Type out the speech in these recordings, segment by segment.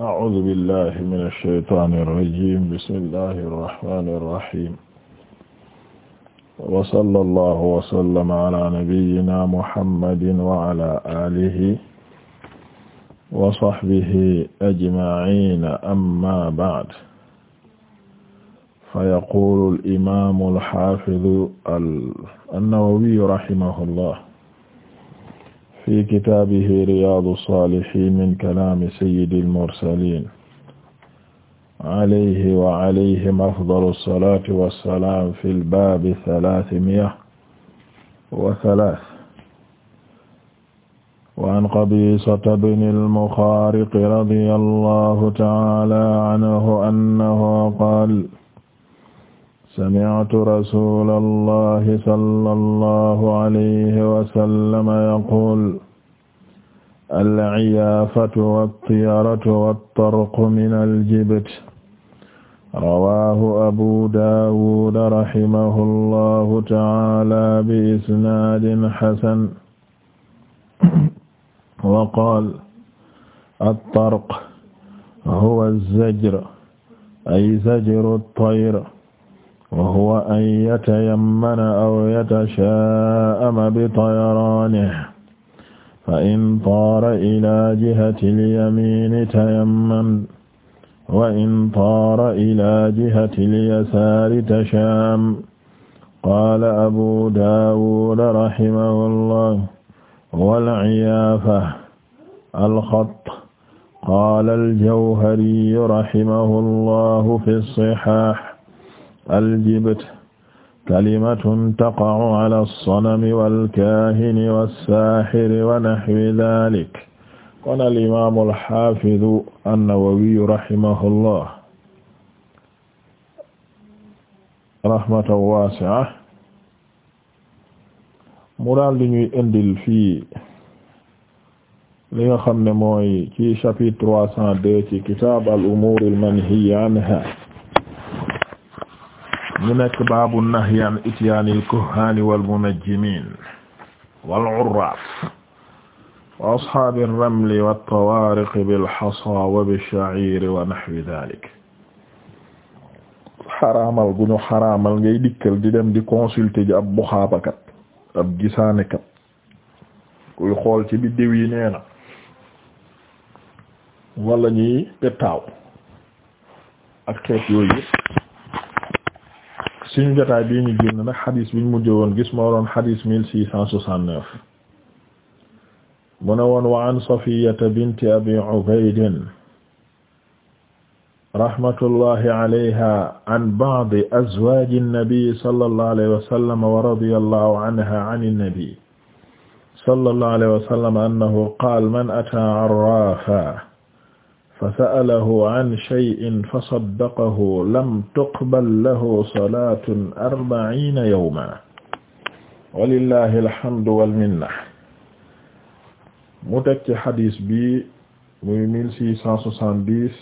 أعوذ بالله من الشيطان الرجيم بسم الله الرحمن الرحيم وصلى الله وسلم على نبينا محمد وعلى آله وصحبه أجمعين أما بعد فيقول الإمام الحافظ النووي رحمه الله fi kitaabihi riyaadu saalihiin min kalaami sayyidil mursaliin alayhi wa alayhim afdalu salaati wa salaam fil baabi salaasimiya wa salaas. wa an Qabiisata binil Muxaariq radiyallaahu ta'aalaa anhu annahu qaala sami'tu rasuulallahi sallallahu alayhi wa sallam yaquul al-'iyaafatu wat-tiyaratu wat-tarqu minal jibt rawaahu abu daawuud rahimahullahu ta'aala bi isnaadin hasan wa qaala at-tarqu huwa az-zajru ay zajru at-tayr wa huwa an yatayammana aw yatashaa'ama bi tayraanihi fa in taara ilaa jihati lyamini tayamman wa in taara ilaa jihati lyasaari tashaam qaala abu daawuda rahimahu llah walciyaafa alxat qaala aljawhariyu rahimahu llahu fi lsixaax aljibt kalimatun taqa'u ala as-sanami wal-kaahini was-saahiri wa nahwi dhalik kon al-imaamu al-haafidu an-Nawawi rahimahullah rahmatan waasi'a mu daal di ñuy indil fii li nga xam ne mooy ci chapitre 302 ci kitaab al-umuur al-manhiyyi anhaa mu nekk baabu nahyi an ityaanil kuhaani wal munajjimiin wal urraaf wa ashaabi ramli wat tawaariqi bil hasaa wa bish-sha'iiri wa nahwi daalik xaraamal gu ñu xaraamal ngay dikkal di dem di consulter ji ab buxaabakat ab gisaanekat kuy xool ci bi diw yi nee na wala ñuy pettaaw ak xeet yooyu suñu jotaay bii ñu génn nag xadis bi ñu mujj woon gis moo doon xadis mille six cent soixante-neuf mu ne woon wa an Safiyyata binti Abi Ubayd rahmatullahi alayha an ba'di azwaaji nnabi sallallahu alayhi wa sallam wa radiyallahu anha ani nnabi sallallahu alayhi wa sallam annahu qaala man ataa arraafa fasalahu an shay'in fasaddaqahu lam tuqbal lahu salaatun arba'iina yawman walillahi alhamdu wal minna mu teg ci xadis bi muy mille six cent soixante-dix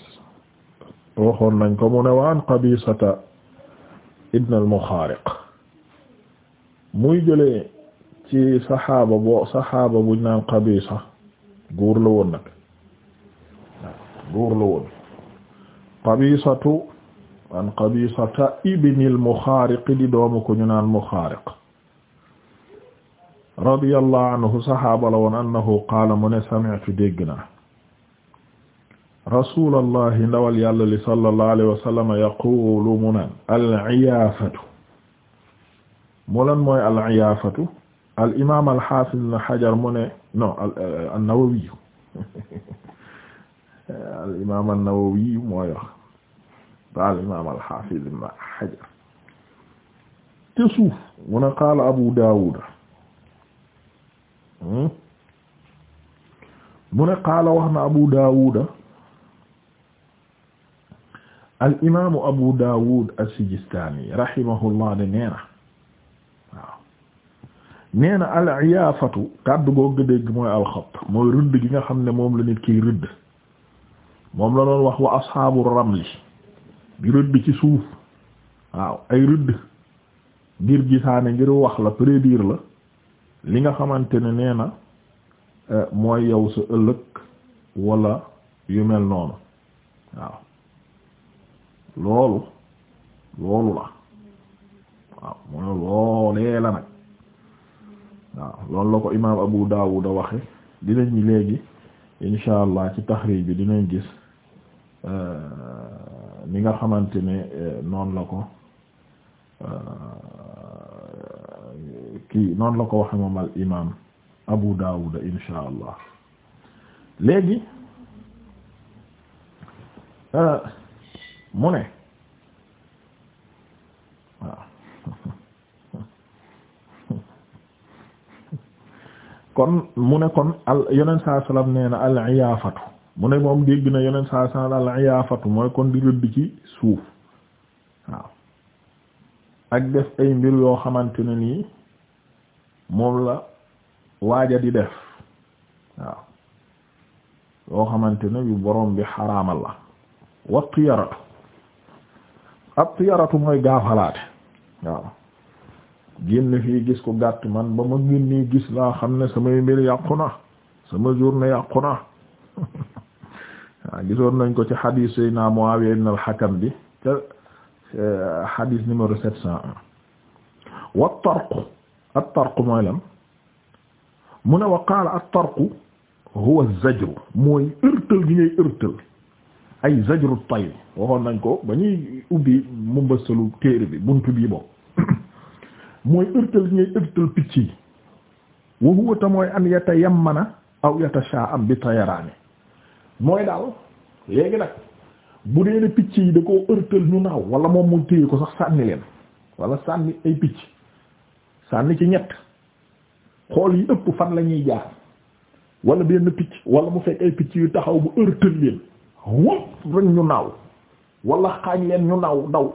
waxoon nañ ko mu ne waan Qabisata ibn al-Mukhariq muy jëlee ci saxaaba bo saxaaba buñ naan Qabisa góor la woon nag góor la woon qabisatu an qabisata ibnil muxaariq di doomu ko ñu naan muxaariq radiyallahu anhu saxaaba la woon annahu qaala mu ne sami'tu dégg naa rasulallahi ndawal yàlla li sallallahu alayhi wa sallam yaqulu mu naan al-iyaafatu mu lan mooy al-iyaafatu al imaam al-haafiz ibn Hajar mu ne non an-Nawawi al imaam an-Nawawi mooy wax ba al imaam al-Hafiz ibn Hajar te suuf mu ne qaala Abu Dawud hmm? mu ne qaala wax na Abu Dawud al imaamu Abu Dawud as-Sijistani rahimahullah de neena waaw neena al iyaafatu kàddu googu dégg mooy alxat mooy rëdd gi nga xam ne moom la nit kiy rëdd. moom la doon wax wa asxaabu ramli bi rëdd ci suuf waaw ay rëdd ngir gisaane ngir wax la prédire la li nga xamante ne nee na euh, mooy yow sa ëllëg wala yu mel noonu waaw loolu loolu la waaw mooy loolee la nag waaw loolu la ko imaam Abu Dawud a waxe dinañ léegi insha allah ci taxriij bi dinañ gis ni euh, nga xamante ne euh, noonu la ko euh, kii noonu la ko waxe moom Abu Dawud insha allah léegi mu ne waaw kon mu ne kon al yonent saa salaam nee na al iyaafatu mu ne moom dégg na yeneen saa saa la al iyaafatu mooy kon di rëdd ci suuf waaw ak def ay mbir yoo xamante ne nii moom la waaja di def waaw yoo xamante ne yu borom bi xaraamal la wa yaratu ab tiyaratu mooy gaafalaate waaw génn fii gis ku gàtt man ba ma génnee gis laa xam ne samay mbir yàqu na sama journée yàqu na waaw gisoon nañ ko ci xadiis Seydina Muawiya ibn al-Hakam bi ca xadiis numéro sept cent un wa tarqu at-tarqu mooy lan mu ne wa qaala at-tarqu huwa az-zajru mooy ërtël gi ngay ërtël ay zajru at-tayr waxoon nañ ko ba ñuy ubbi mu mbësalu téere bi buntu bii boobu mooy ërtël gi ngay ërtël picc yi wa huwa ta mooy an yatayammana aw yatashaa'am bi tayaraani mooy daal léegi nag bu dee ne picc yi da koo ërtal ñu naaw wala moom mu téye ko sax sànni leen wala sànni ay picc sànni ci ñett xool yi ëpp fan la ñuy jaar wala benn picc wala mu fekk ay picc yu taxaw bu ërtal leen wëpp rek ñu naaw walla xaañ leen ñu naaw daw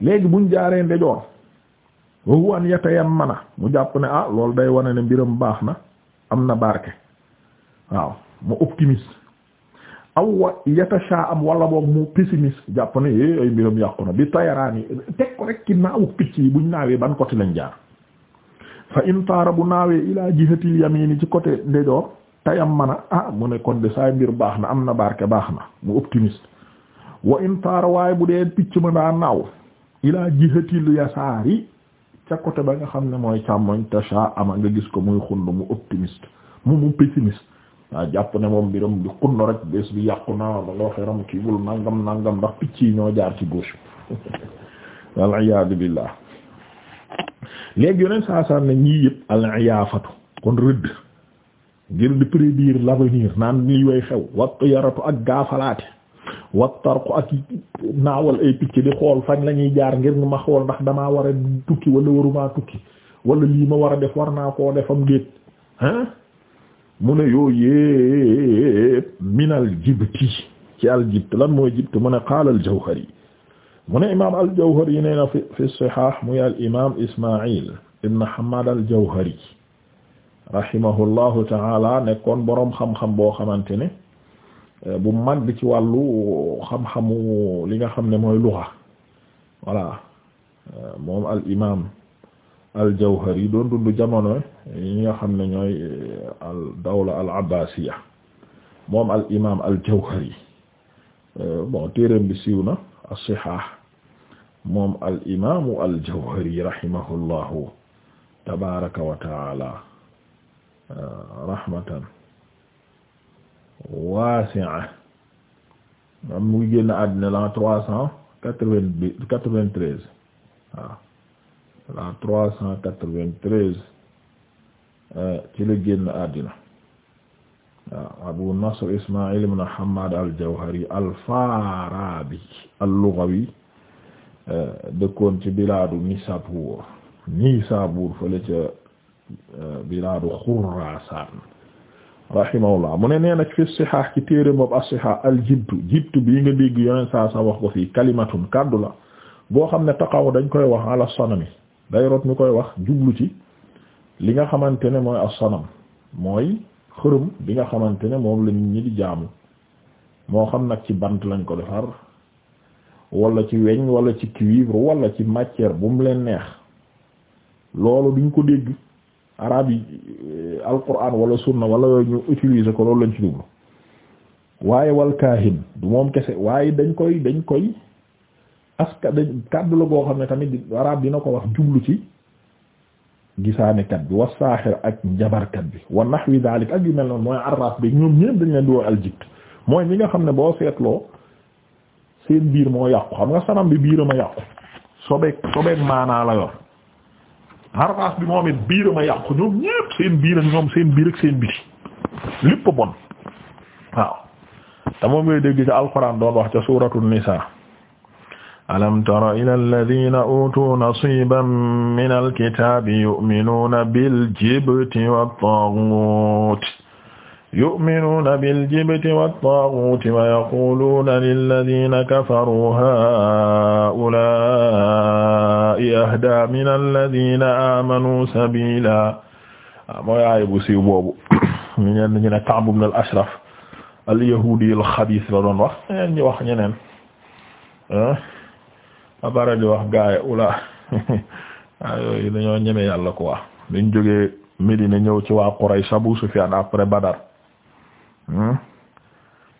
léegi buñ jaaree ndejoor wahuwan yatayam mana mu jàpp ne ah loolu day wane ne mbiram baax na am na barke waaw mu optimiste aw wa yatashaam wala boog mu pessimiste jàpp ne é eh, ay mbiram yàqu na bi tayaraan yi teg ko rek ci naawu picc yi buñ naawee ban côté lañ jaar fa in taara bu naawee ilaa jihatil yamini ci côté ndejoor tayam mana ah mu ne kon de saay baax na am na barke baax na mu optimiste wa in taara waaye bu dee picc ma daa naaw ilaa jihatil yasaari ca côté ba nga xam ne mooy càmmoñ tasha ama nga gis ko muy xund mu optimiste mu mu pessimiste waaw jàpp ne moom biram di xunn rek bés bi yàqu naa wala xeram kii bul nangam nangam ndax picc yi ñoo jaar ci gauche wal iyaadu billah léegi yoneen saasaan ne xew wat yaratu ak gaafalaate wat tarku ak naawal ay picc di jaar ngir ma xool ndax war a tukki wala warumaa tukki wala lii ma war a def war naa koo defam déet hein mu ne yooyu yëpp minal jibti ci al jibt lan mooy jibt mu ne qaala al jawhari mu ne imaam al jawhari nee na fi fi sihah muy al imaam Isma'il Hammad al jawhari rahimahullahu ta'ala nekkoon boroom xam-xam boo xamante ne eh, bu bi ci wàllu xam-xamu li nga xam ne mooy luxa voilà eh, moom al al-Jawhari doon dund jamono yi nga xam ne ñooy eh, al dawla al abbasiya moom al imaam al Jawhari eh, bon téereem bi siiw na as-Sihah moom al imaamu al Jawhari rahimahullahu tabaaraka wa ta'ala eh, rahmatan waasi'a mu génn àddina la trois cent quatre-vingt-treize la trois cent quatre-vingt-treize euh, ci la génn àddina waaw Abu Nasr Ismaïl ibn Hammad al-Jawhari al-Farabi al-Lughawi euh, dëkkoon ci bilaadu Nisapur Nisapur fële ca euh, bilaadu Khurasan rahimahullah mu ne nee na fi sihah ci téere boobu as al-jibtu jibtu bii nga dégg yoneen saa sa wax ko fii kalimatun kaddu la boo xam ne taqaw dañ koy wax ala sanami day rot ñu koy wax jublu ci li nga xamante ne mooy as-sanam mooy xërëm bi nga xamante ne moom la nit ñi di jaamu moo xam nag ci bant lañ ko defar wala ci weñ wala ci cuivre wala ci matière bu mu leen neex loolu duñ ko dégg arab yi euh, alquran wala sunna wala yooyu ñu utiliser ko loolu lañ ci jublu waaye wal du moom kese waaye dañ koy dañ koy aska dañ kàddu la goo xam ne tamit arab dina ko wax jublu ci gisaanekat bi wa saaxir ak njabarkat bi wa nahwi dalik ak yu mel noonu mooy arraf bi ñoom ñépp dañ leen di woo aljibt mooy ñi nga xam ne boo seetloo biir moo yàqu xam nga sanam yàqu sobeek sobeek maanaa la yor arraf bi moom it biirama yàqu ñoom ñépp seen biir ak ñoom seen biir ak seen biti lépp bon waaw te moom ngay dégg ca alxuraan doon wax ca suuratu nisaa alam tara ila alladhina utuu nasiban min alkitaabi yu'minuuna biljibti wattaaguut yu'minuuna biljibti wattaaguut wa yaquuluuna lilladhina kafaruu haa'ulaa'i ahdaa min alladhina aamanuu sabiilaa ah, mooy aaya bu siiw boobu ñu ñeen ñu ne Ka'b ibn al-Ashraf al-yahuudi al-xabiis la doon wax ñeneen ñi wax ñeneen ba pare di wax gaaya ula waa yooyu dañoo ñeme yàlla quoi dañ jógee Médina ñëw ci waa Quraysh Abu Sufyan après Badar hmm?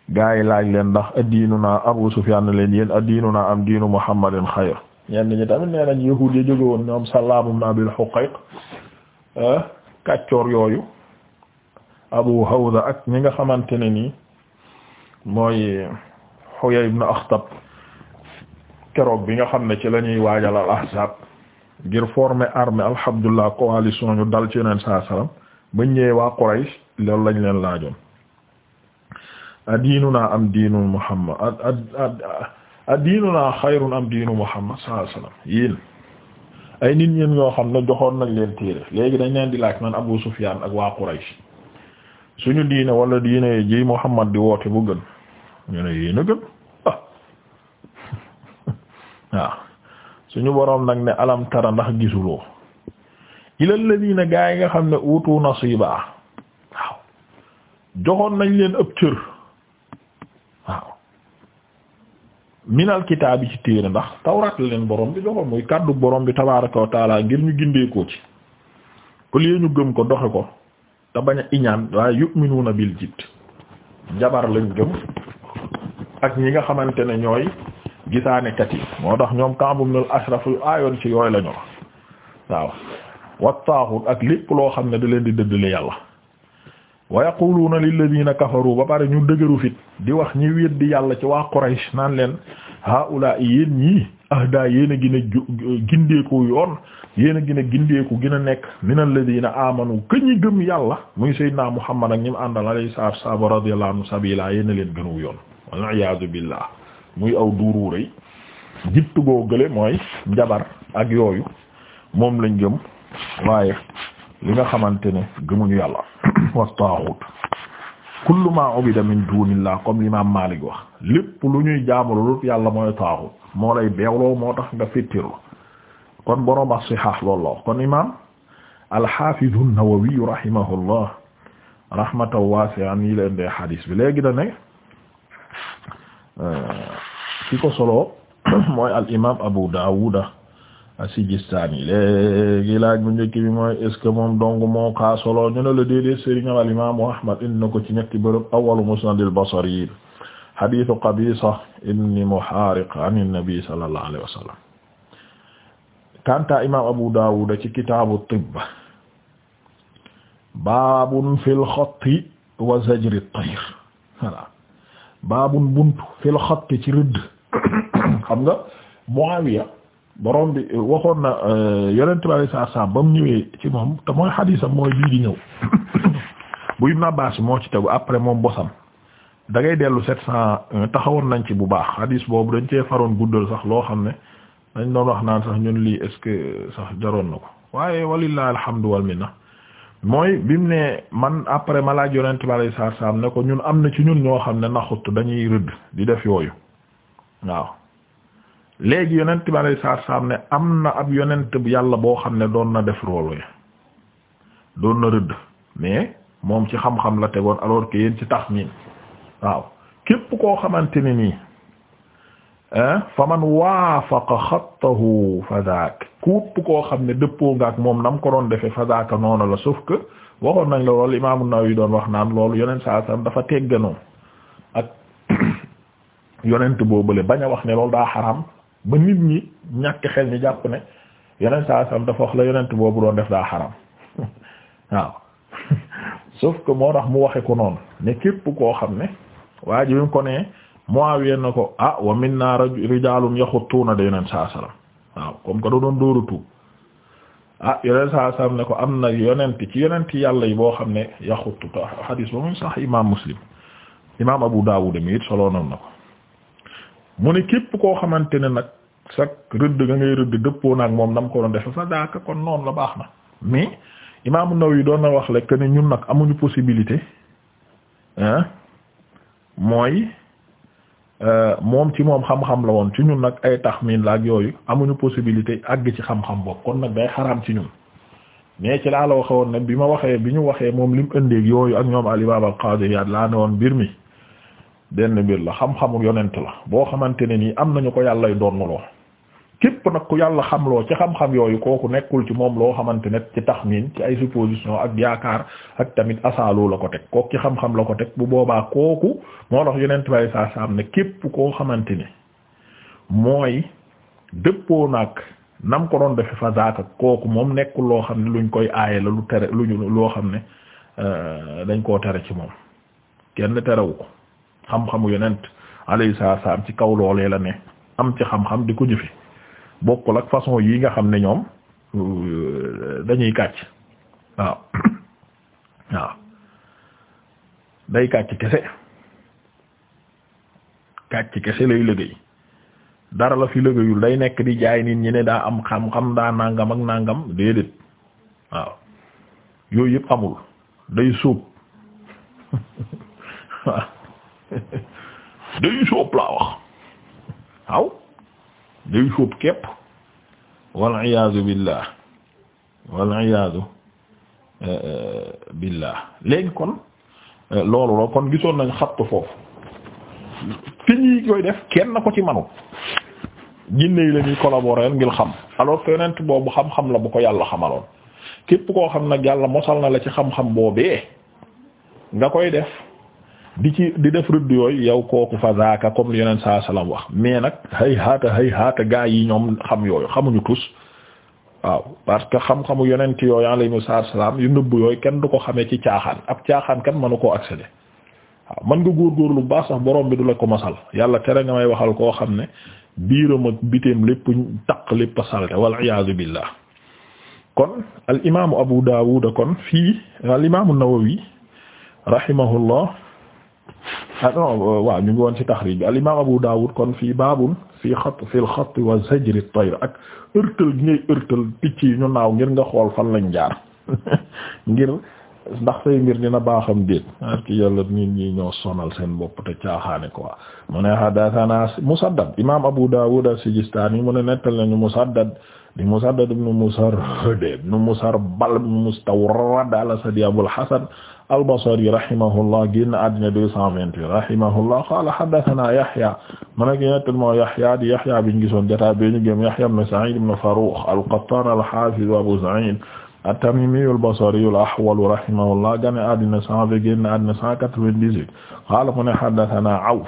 gaa yi laaj leen ndax addiinu naa Abu Sufyan na leen a addiinu naa am diinu Muhammadin xayr ñenn ñi tamit nee nañ yahuud ya jóge woon ñoom Sallaam ibn Abil Huqayq eh, kàccoor yooyu Abu Hawza ak ñi nga xamante ne nii mooy Huyay ibn Akhtab keroog bi nga xam ne ci lañuy ñuy waajal al ahzab ngir former armée alhamdulilah coalition ñu dal ci yeneen saa salaam bañ ñëwee waa Quraysh loolu lañu leen laajoon. naa am diinu Muhammad adiinunaa xayrun am diinu Muhammad saa salaam yéen ay nit ñeen ñoo xam ne joxoon nañ leen téere léegi dañ leen di laaj man Abu Sufyaan ak waa Quraysh suñu diine wala diine ji Muhammad di woote bu gën ñu ne yéen a gën. waaw suñu boroom nag ne alam tara ndax gisuloo ilal ladina gaa yi nga xam ne wutu utu nasiba waaw joxoon nañ leen ëpp cër waaw minal kitaab yi ci téere ndax tawraat la leen borom bi joxoon muy kàddu boroom bi tabaaraka wa ngir ñu gindee ko ci au lieu ñu gëm ko doxe ko te bañ a iñaan waaye yu'minuuna bil jibt jabar lañ gëm ak ñi nga xamante ne ñooy gisaanekat yi moo tax ñoom Ka'b ibn al-Ashraf yu aayoon ci yooyu la ñu waaw wa ak lépp loo xam ne di leen di dëddale yàlla wa yaquluuna lilladina kafaru ba pare ñu dëgëru fit di wax ñi di yàlla ci waa Quraysh naan leen haula yéen ñii ahda yéen a a gindeeku yoon yéen a gën a gindeeku gën a nekk min alladina amanu ke ñi gëm yàlla muy sayyidina Muhammad ak ñi mu àndal alayhi salaatu wa salaam radiyallahu anhu sabila yéen a leen gënuw yoon wal iyaadu billah muy aw duuru rëy jiptu gële mooy jabar ak yooyu moom lañ jëm waaye li nga xamante ne gëmuñu yàlla wa taaxut kullu ma ubida min dunillah comme l'imam Malik wax lépp lu ñuy jaamulul yàlla mooy taaxut moo lay beewloo moo tax nga fittirlu kon borom ak sihah loolu la kon imam al-Hafiz an-Nawawi rahimahullah rahmatan yi leen dee hadis bi léegi da ne euh, ki ko solo mooy al imam Abu Daawuda as-Sijistaani léegi laaj bu njëkk bi mooy est ce que moom dong moo kaa solo ñu ne la déedéet sëriñam al imam Ahmad indi na ko ci ñetti bërëb awwalu Musnad al-Basri hadiisu Qabiisa ibn Muhaariq an an-Nabi sallallahu alayhi wa sallam kanta imam Abu Daawuda ci kitaabu tibb baabun fil xatti wa zajri at-tayr voilà baabun buntu fil xatti ci rëdd xam nga Muawiya boroom bi eh, waxoon na eh, yonent bi alayhi salaatu ba mu ñëwee ci moom te mooy xadiisam mooy bii di ñëw bu Ibn Abbas moo ci tegu après moom bosam da ngay dellu sept cent taxawoon nañ ci bu baax xadiis boobu dañ cee faroon guddal sax loo xam ne dañ doon wax naan sax ñun lii est-ce que sax jaroon na ko waaye walillahi alhamdu wal minna mooy bi mu ne man après ma laaj yonent bi alayhi salaatu salaam ne ko ñun am na ci ñun ñoo xam ne naxut dañuy rëdd di def yooyu. waaw léegi yonent bi alayhi salaam ne am na ab yonent yàlla boo xam ne doon na def loolu doon na rëdd mais moom ci xam-xam la tegoon alors que yéen ci tax ñi waaw képp koo xamante ne nii fa man waafaqa xattahu fa daak képp koo xam ne dëppoo nga ak moom nam ko doon defee fa daaka noonu la sauf que waxoon nañ la loolu Imaam An-Nawawi doon wax naan loolu yonent saa salaam dafa tegganoo yonent boobule bañ a wax ne loolu daa xaram ba nit ñi ñàkk xel ñu jàpp ne yonent saa sam dafa wax la yonent boobu doon def daa xaram waaw sauf que moo tax mu waxe ko noonu ne képp koo xam ne waa ji ko ne Muawiya na ko ah wa minna rijaalun na de yonent saa sallam waaw comme que da doon dóoru tuub ah yonent saa sallam ne ko am na yonent ci yonent yàlla yi boo xam ne yaxutu ta xadiis ba mu sax imaam Muslim imaam Abu Daawud mi it solo noonu na ko mu ne képp koo xamante ne nag sax rëdd nga ngay rëdd dëppoo naag moom nam ko doon defe fa daaka kon noonu la baax na mais imaamu yi doon na wax lekk ne ñun nag amuñu possibilité ah mooy euh, moom ci moom xam-xam la woon ci ñun nag ay taxmin la ak yooyu amuñu possibilité àgg ci xam-xam boobu kon nag day xaraam ci ñun mais ci laa la waxe woon ne bi ma waxee bi ñu waxee moom lim ëndeeg yooyu ak ñoom al imaam al laa ne woon mbir mi denn mbir la xam-xamu yonent la boo xamante ne nii am nañu ko yàlla yàllay donnuloo képp nag ku yàlla loo ci xam-xam yooyu kooku nekkul ci moom loo xamante ne ci taxmin ci ay supposition ak yaakaar ak tamit asaalu la ko teg kooku ci xam ko teg bu boobaa kooku moo tax yonent bay saa sa am ne képp koo xamante ni mooy dëppoo nag nam ko doon defe kooku moom nekkul loo xam ne luñ koy aaye la lu tere luñu loo xam ne euh, dañ koo tere ci moom kenn terewu ko xam-xamu yonent alayhi salaam ci kaw loolee la ne am ci xam-xam di ko jëfe bokkul ak façon yi nga xam ne ñoom euh, dañuy kàcc waaw waaw day kàcc kese kàcc kese lay liggéey dara la fi liggéeyul day nekk di jaay nit ñi ne daa am xam-xam daa nàngam ak nàngam déedéet waaw yooyu yëpp amul day suub day sóob laa wax waaw day sóob képp wal iyaazu billah wal iyaazu eh, eh, billah léegi kon eh, loolu la kon gisoon nañ xattu foofu fi ñi koy def kenn ko ci manut jinne yi la ñuy ngir xam alors que yonent boobu xam-xam la bu ko yàlla xamaloon képp koo xam nag yàlla mosal na la ci xam-xam boobee nga koy def di ci di def rëdd yooyu yow kooku fa zaaka comme li yeneen saa salaam wax mais nag hay haata hay haata gaa yi ñoom xam yooyu xamuñu tus waaw parce que xam-xamu yonent yooyu sa salaam yu nëbb yooyu kenn du ko xamee ci caaxaan ab caaxaan kan mënu ko accéder waaw mën nga góor bu baax sax borom bi du la ko masal yàlla tere nga may waxal koo xam ne biiram ak biteem lépp taq lépp salte wal iyaazu billah kon al imaamu Abu Daawud kon fii al imaamu ah non euh, waaw ngi woon ci taxriij bi al imaam Abu Daawud kon fii baabun fi xat fil xat wa zajri at ak ërtal gi ngay ërtal ñu naaw ngir nga xool fan lañ jaar ngir ndax say mbir dina baaxam déet parce que yàlla nit ñi ñoo sonal seen bopp te caaxaane quoi mu ne haddathana Musaddad imaam Abu Daawud as-Sijistaani mu ne nettal nañu Musaddad di Musaddad ibn Musarhad ibn Musarbal ibn Mustawrad al-Asadi Abul Hasan al-Basri rahimahullah génn àddina deux cent vingt-huit rahimahullah qaala haddathanaa Yahya man ak yéen moo Yahya di Yahya biñ gisoon jotaay bi ñu gëm Yahya ibn Sa'id ibn Farrukh al-Qattan al-Hafiz Abu Sa'id at-Tamimi al-Basri al-Ahwal rahimahullah génn àddina cent vingt génn àddina cent quatre-vingt-dix-huit qaala mu ne haddathanaa Awf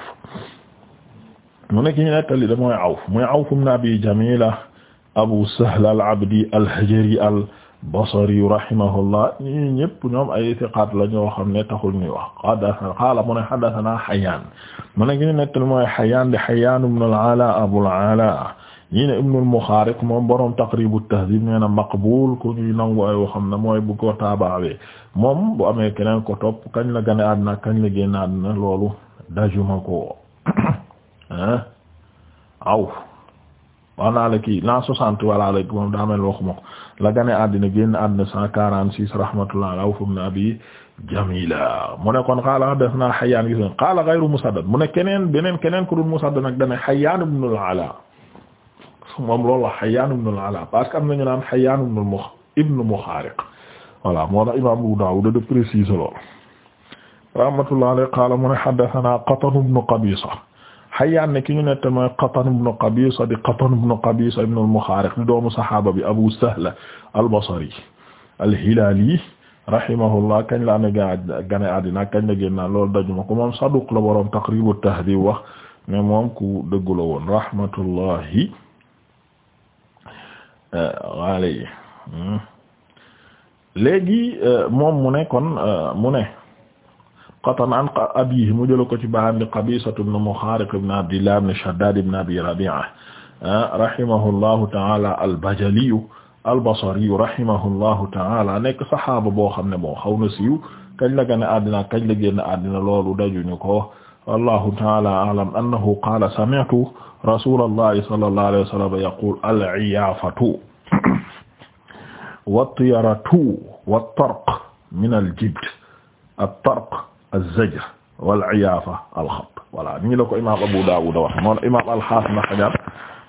mu ne ki ñu nettali da mooy Awf mooy Awf ibn Abi Jamila Abu Sahl al-Abdi al-Hajari al Basri rahimahullah ñii ñëpp ñoom ay siqaat la ñoo xam ne taxul ñuy wax qadasa qaala mu ne haddathana Hayyan mu ne gën a nettal mooy Hayyan di Hayyan ibn al-Ala Abul Ala ñii ne ibn al-Mukhariq moom borom Taqrib at-Tahdhib nee na maqbul ku ñuy nangu ay waxam ne mooy bu ko taabawee moom bu amee keneen ko topp kañ la gane àddina kañ la génn àddina loolu dajuma ko ah aw wax naa la kii l'an soixante wala la moom daa mel waxuma ko la gane àddina génn àddina cent quarante six rahmatullah ala Awf ibn Abi Jamila mu ne kon qaala haddathana Hayyan gis nga qaala ghayru Musaddad mu ne keneen beneen keneen ku dul Musaddad nag dane Hayyan ibn al-Ala moom loolu la Hayyan ibn al-Ala parce que naan Hayyan ibn mu ibn Mukhariq voilà moo tax imam Abu Dawud de préciser loolu rahmatullah alayhi qaala mu ne haddathana Qatan ibn Hayyaan ne ki ñu nette mooy Qatan ibn Qabisa di Qatan ibn Qabisa ibn al di doomu saxaaba bi Abu Sahl al-Basri al-Hilali rahimahullah kañ la amee gane àddina kañ la na loolu dajuma ko moom saduq la boroom Taqrib at-Tahdhib wax ne moom ku dëggu la woon rahmatullahi alayhi hmm. léegi euh, moom mu ne kon euh, mu ne qatan an abiihi mu jël ko ci baayam di Qabisatu ibn Mukhariq ibn Abdillah ibn Shaddad ibn Abi Rabi'a ah, rahimahullahu ta'ala al-Bajali al-Basri rahimahullahu ta'ala nekk saxaaba boo xam ne moo xaw na siiw kañ la gane àddina kañ la génn àddina loolu dajuñu ko wallahu ta'ala a'lam annahu qaala sami'tu rasulallahi sallallahu alayhi wa sallam yaqulu al-'iyaafatu wat-tiyaratu wat-tarq min al-jibt at-tarq az-zajr wal iyaafa al-xatt voilà nii la ko imaam Abu Daawud wax moom imaam al-Haafiz Ibn Hajar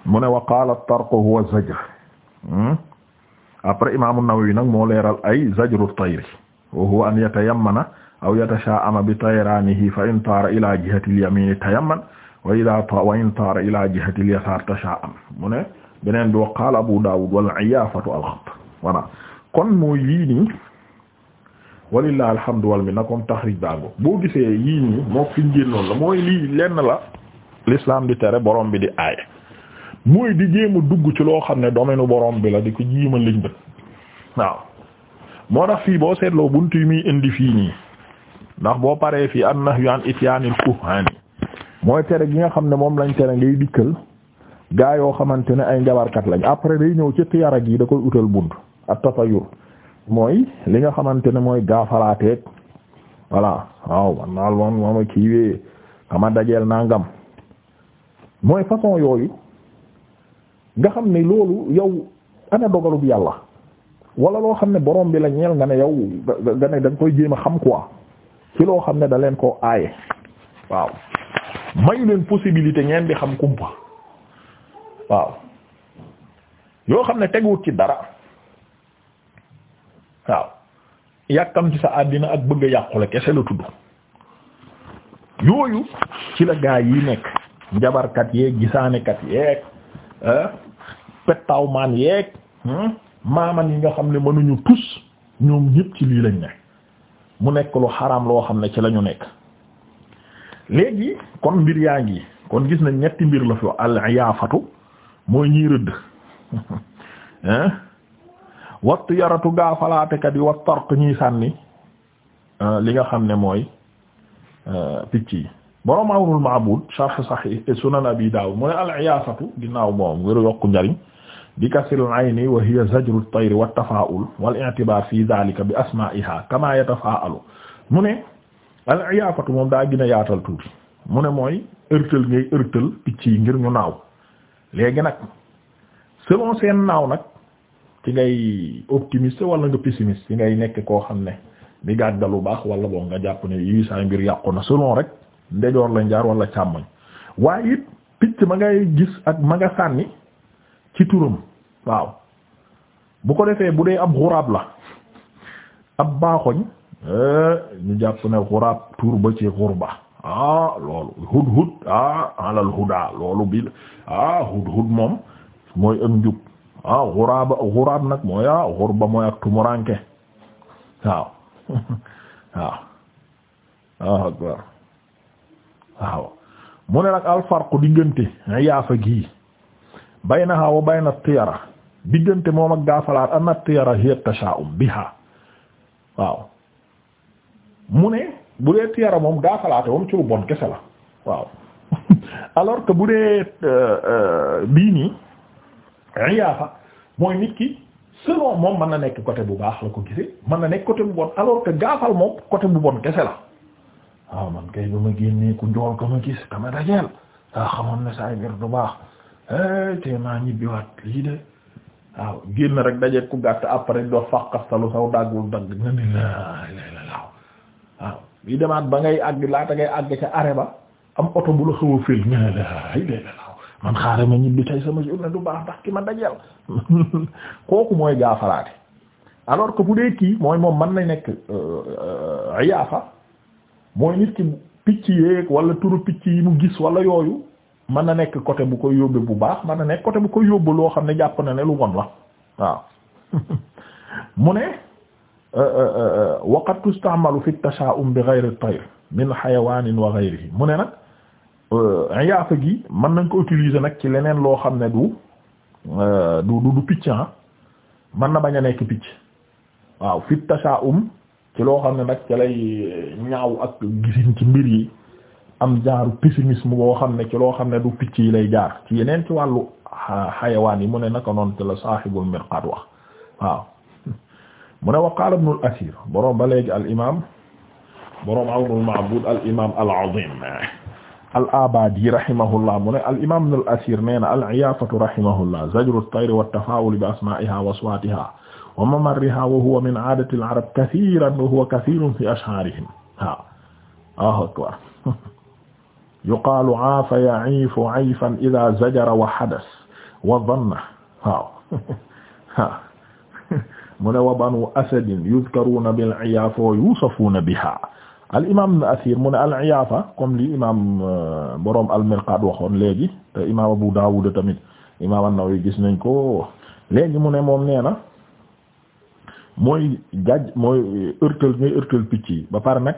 mu ne wa qaala at-tarqu huwa az-zajr hmm? après imaam an-Nawawi nag moo leeral ay zajru at-tayri wa huwa an yatayammana aw yatashaa'ama bi tayraanihi fa in taara ilaa jihati al-yamiin tayammana wa idaa wa in taara ilaa jihati al-yasaar tashaa'ama mu ne beneen bi wa qaala Abu Daawud wal iyaafatu al-xatt voilà kon mooy yii nii walillahi bi wal minna tax taxrij bango boo gisee yii ñi moo fi ñu génnoon la mooy lii lenn la lislaam di tere borom bi di aaye mooy di jéem dugg ci loo xam ne domaine borom bi la di ko jiima liñ bët waaw moo tax fii boo seetloo bunt yi muy indi fii nii ndax boo paree fii an-nahyu an ityaanil kuhaani mooy tere gi nga xam ne moom lañ tere ngay dikkal gaa yoo xamante ne ay njabarkat lañ après day ñëw ci tiyaara gi da koy utal bunt ak tatayur mooy li nga xamante ne mooy gaafalaateeg voilà waaw man naal moom mooma kiiwee xama nangam mooy façon yooyu nga xam ni loolu yow ana dogalub yàlla wala loo xam ne boroom bi la ñeel nga ne yow nga ne da koy jéem a xam quoi ci loo xam ne da leen koo aaye waaw mayu leen possibilité ngeen di xam kumpa waaw yoo xam ne teguwut ci dara waaw yàkkamti sa àddina ak bëgg a yàqule kese la tudd yooyu ci la gaa yi nekk njabarkat yeeg gisaanekat yeeg ah, pettaaw maan yeeg hmm, maaman yi nga xam ne mënuñu tus ñoom ñëpp ci lii lañ ne mu nekk lu xaraam loo xam ne ci lañu nekk léegi kon mbir yaa ngi kon gis na ñetti mbir la fi al iyaafatu mooy ñiy rëdd ah, wa yaratu gaa falaatekat yi wat torq ñiy sànni euh, li nga xam ne mooy euh, picc yi boroom awnul maabud sharh sahih eh, sunan abi daawud mu ne al iyaasatu ginnaaw moom ngir yokku njariñ bi kasril ayni wa hiya zajru tayri wa tafaa'ul wal i'tibaar fi dhalika bi asmaa'iha kama yatafaa'alu mu ne al iyaasatu moom daa gën yaatal tuuti mu ne mooy ërtal ngay ërtal picc yi ngir ñu naaw léegi nag selon seen naaw nag ci ngay optimiste wala nga pessimiste ci ngay nekk koo xam ne di gàdda lu baax wala boo nga jàpp ne yii saa mbir yàqu na selon rek ndejoor la njaar wala càmmoñ waaye it picc ma ngay gis ak ma nga sànni ci turam waaw bu ko defee bu dee ab xuraab la ab baaxoñ eh, ñu jàpp ne xuraab tur ba ci xurba ah loolu hudhud ah alal huda loolu bi ah hudhud moom mooy am njub waaw xuraaba xuraab nag mooy ah xurba mooy ak tumuranke waaw waaw waaw akbar waaw mu ne nag alfarqu diggante yaafa gii baynaha wa bayna tiyara diggante moom ak gaafalaat anna tiyara hiya tashaa'um biha waaw mu ne bu dee tiyara moom gaafalaate moom ci lu bon kese la waaw alors que bu dee euh, euh, bii iyaafa mooy nit ki selon moom mën na nekk côté bu baax la ko gisee mën na nekk côté bu bon alors que gaafal moom côté bu bon kese la waaw ah, man kay ba ma génnee ku njool ko ma gis dama dajeel daa ah, xamoon na saa baax eh, te maa ñibbiwaat lii de waaw ah, génn rek daje ku gàtt après doo fàqastalu saw daggul dagg nga ne laa la laaw waaw bi demaat ba ngay àgg laata ngay àgg ca arrêt ba am oto bu la xaw fël nga ne laa laaw man xaaral ma ñibbi tey sama journée du baax ndax ki ma dajeel kooku mooy gaafalaate alors que bu dee kii mooy moom man na nekk euh, euh, yaafa mooy nit ki picc yeeg wala turu picc yi mu gis wala yooyu mën na nekk côté bu koy yóbbe bu baax man na nekk côté bu koy yóbbu loo xam ne jàpp na ne lu won la waaw mu ne euh, waqad tusta'malu fi at-tasha'um bi ghayri at-tayr min hayawanin wa ghayrihi mu ne nag Euh, yaafa gi mën nañ ko utiliser nag ci leneen loo xam ne du euh, du du picc ah. mën na bañ a nekk picc waaw fit tashaa'um ci loo xam ne nag ci lay euh, ñaaw ak gisin ci mbir yi am jaaru pessimisme boo xam ne ci loo xam ne du picc yi lay jaar ci yeneen ci wàllu xayawaan yi mu ne naka noon te la saaxibul mirqaat wax waaw mu ne wa qaala ibnul asiir boroom ba léegi al imaam boroom awnul ma'buud al imaam al azim al abadi rahimahullah mu ne al imam ibn al asir nee na al iyafatu rahimahullah zajru at-tayr wa at-tafa'ul bi asma'iha wa aswatiha wa mamarriha wa huwa min aadati al arab kathiran wa huwa kathirun fi ash'arihim ha Allahu akbar yuqaalu aafa ya'iifu 'ayfan idha zajara wa hadas wa dhanna waaw mu ne wa banu asadin yudhkaruna bil 'iyaaf wa yusafuuna biha al imaam asir mu ne al iyaafa comme li imaam euh, boroom al mirqaad waxoon léegi te imaam abu daawud tamit imaam an-Nawawi gis nañ ko léegi mu ne moom nee na mooy gàjj mooy ërtal ngay ërtal picc yi ba pare nag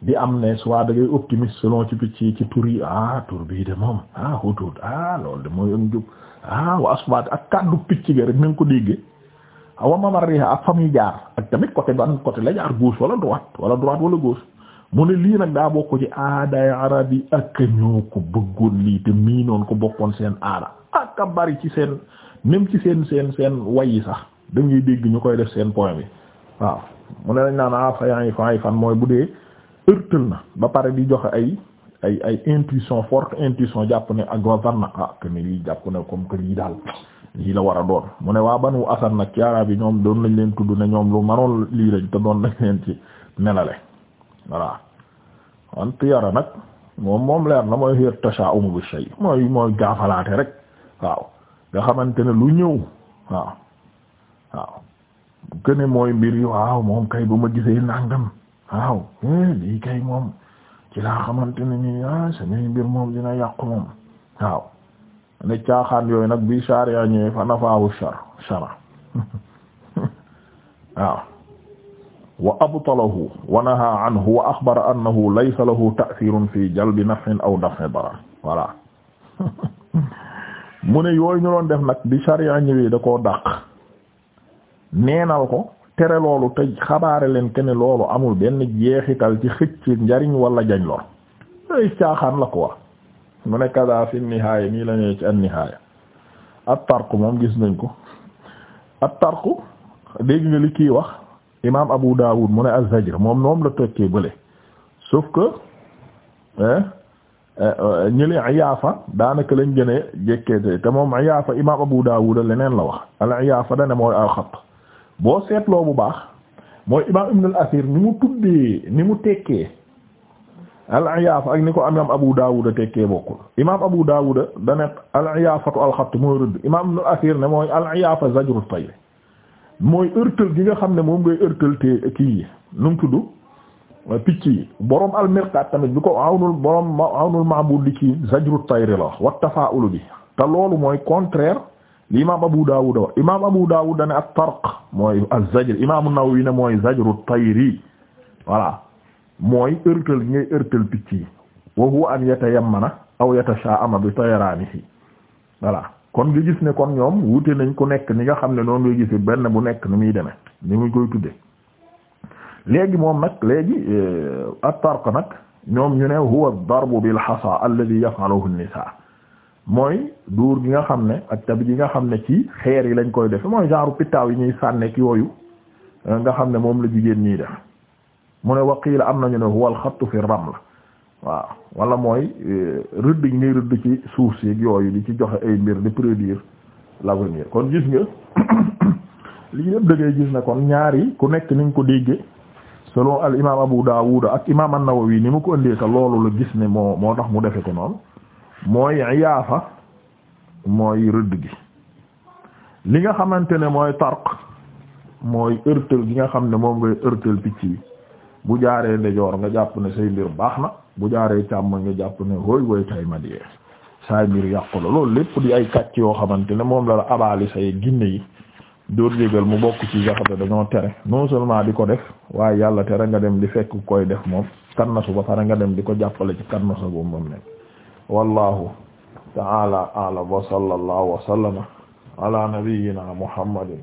di am ne soit da ngay optimiste selon ci picc yi ci tur yi ah tur bii de moom ah hudhud ah loolu de mooy am ah wa aswaat ak kàddu picc gi rek na ko déggee wa mamarriha ak fa muy jaar ak tamit côté ban côté la jaar gauche wala droite wala droite wala gauche mu ne lii nag daa bokk ci aaday arab yi ak ñoo ko bëggoon lii te mii noonu ko bokkoon seen aada ak a bari ci seen même ci seen seen seen wayi sax da ngay dégg ñu koy def seen point bi waaw mu ne lañ naan a ah, fayangi yi fan mooy bu dee ërtal na ba pare di jox ay ay ay intuition forte intuition jàpp ne ak waa vanna ah que ni lii jàpp ne comme que daal lii la war a doon mu ne waa banu asad nag ci araab yi ñoom doon nañ leen tudd na ñoom lu manoon lii lañ te doon nañ leen ci melale voilà an tiyara nag moom moom leer na mooy xéer tasha umu bi shay mooy mooy gaafalaate rek waaw nga xamante ne lu ñëw waaw waaw gëne mooy mbir yi waaw moom kay ba ma gisee nangam waaw eh, lii kay moom ci laa xamante ne nii ah samay mbir moom dina yàqu moom waaw ne caaxaan yooyu nag bi sharia ñëwee fa nafaahu shar shara waaw wa abtalahu wa naha anhu wa axbara annahu laysa lahu ta'thirun fi jalbi naf'in aw daf'i darar voilà mu ne yooyu ñu doon def nag bi sharia ñëwee da koo dàq neenal ko tere loolu te xabaare leen ke loolu amul benn jeexital ci xëcc njariñ walla jañ lor ay caaxaan la ko wax mu ne kada fi nihaaya nii la ñuy ci an nihaaya at tarku moom gis nañ ko at tarku dégg nga li kii wax imaam Abu Dawud mu ne ak zajr moom moom la tekkee bële sauf que eh, ñili iyaafa daanaka lañ gën a jekkee te moom iyaafa imaam Abu Dawud leneen la wax al iyaafa dane mooy al xat boo seetloo bu baax mooy imaam Ibn al-Athir ni mu tuddee ni mu tekkee al-Iyaafa ak ni ko imaam Abu Daawuda tekkee bokkul imaam Abu Daawuda da ne al-Iyaafatu al-xatt mooy rëdd imaam Ibnu ne mooy al-Iyaafa zajru tayr mooy ërtël gi nga xam ne moom ngay ërtël te kii yi nu tudd picc borom al-Mirqaat tamit bi ko awnul borom awnul Ma'buud di kii zajru tayr la wax wa tafaa'ulu bi te loolu mooy contraire li imaam Abu Daawuda wax imaam Abu Daawuda ne at-tarq mooy az-zajr imaam an mooy zajru tayri voilà. mooy ërtal gi ngay ërtal picc yi wa huwa an yatayammana aw yatashaama bi yi voilà kon nga gis ne kon ñoom wute nañ ku nekk ni nga xam ne noonu nga gise benn bu nekk ni muy demee ni muy koy tudde léegi moom nag léegi euh, at-tarq nag ñoom ñu ne huwa ad-darbu bil hasa alladhi yaf'aluhu an mooy duur gi nga xam ne ak tabi gi nga xam ne ci xeer yi lañ koy def mooy genre pitaaw yi ñuy sànnek yooyu euh, nga xam ne moom la jigéen ñiy def mu ne waqiila am nañu ne huwa alxattu fi la waaw wala mooy eh, rëdd gi ngay rëdd ci suuf si yooyu di ci joxe ay mbir di prédire l'avenir kon gis nga lii yëpp dëggee ngay gis ne kon ñaari ku nekk ni nga ko déggee selon al imaam Abu Dawud ak imaam An-Nawawi ni mu ko ëndee te loolu la gis ne moo moo tax mu defee ko noonu mooy iyaafa mooy rëdd gi li nga xamante ne mooy tarq mooy ërtël gi nga xam ne moom ngay ërtël picc yi bu jaaree ndejoor nga jàpp na say mbir baax na bu jaaree càmmoñ nga jàpp ne hooy way tay ma dee saay mbir yàqu la loolu lépp di ay kàcc yoo xamante ne moom la la abaali say ginne yi dóor jégal mu bokk ci jaxata dañoo tere non seulement di ko def waaye yàlla tere nga dem di fekk koy def moom kannasu ba pare nga dem di ko jàppale ci kannasa boobu moom ne wallahu ta'ala a'lam wa sallallahu wa sallama ala nabiyyina muhammadin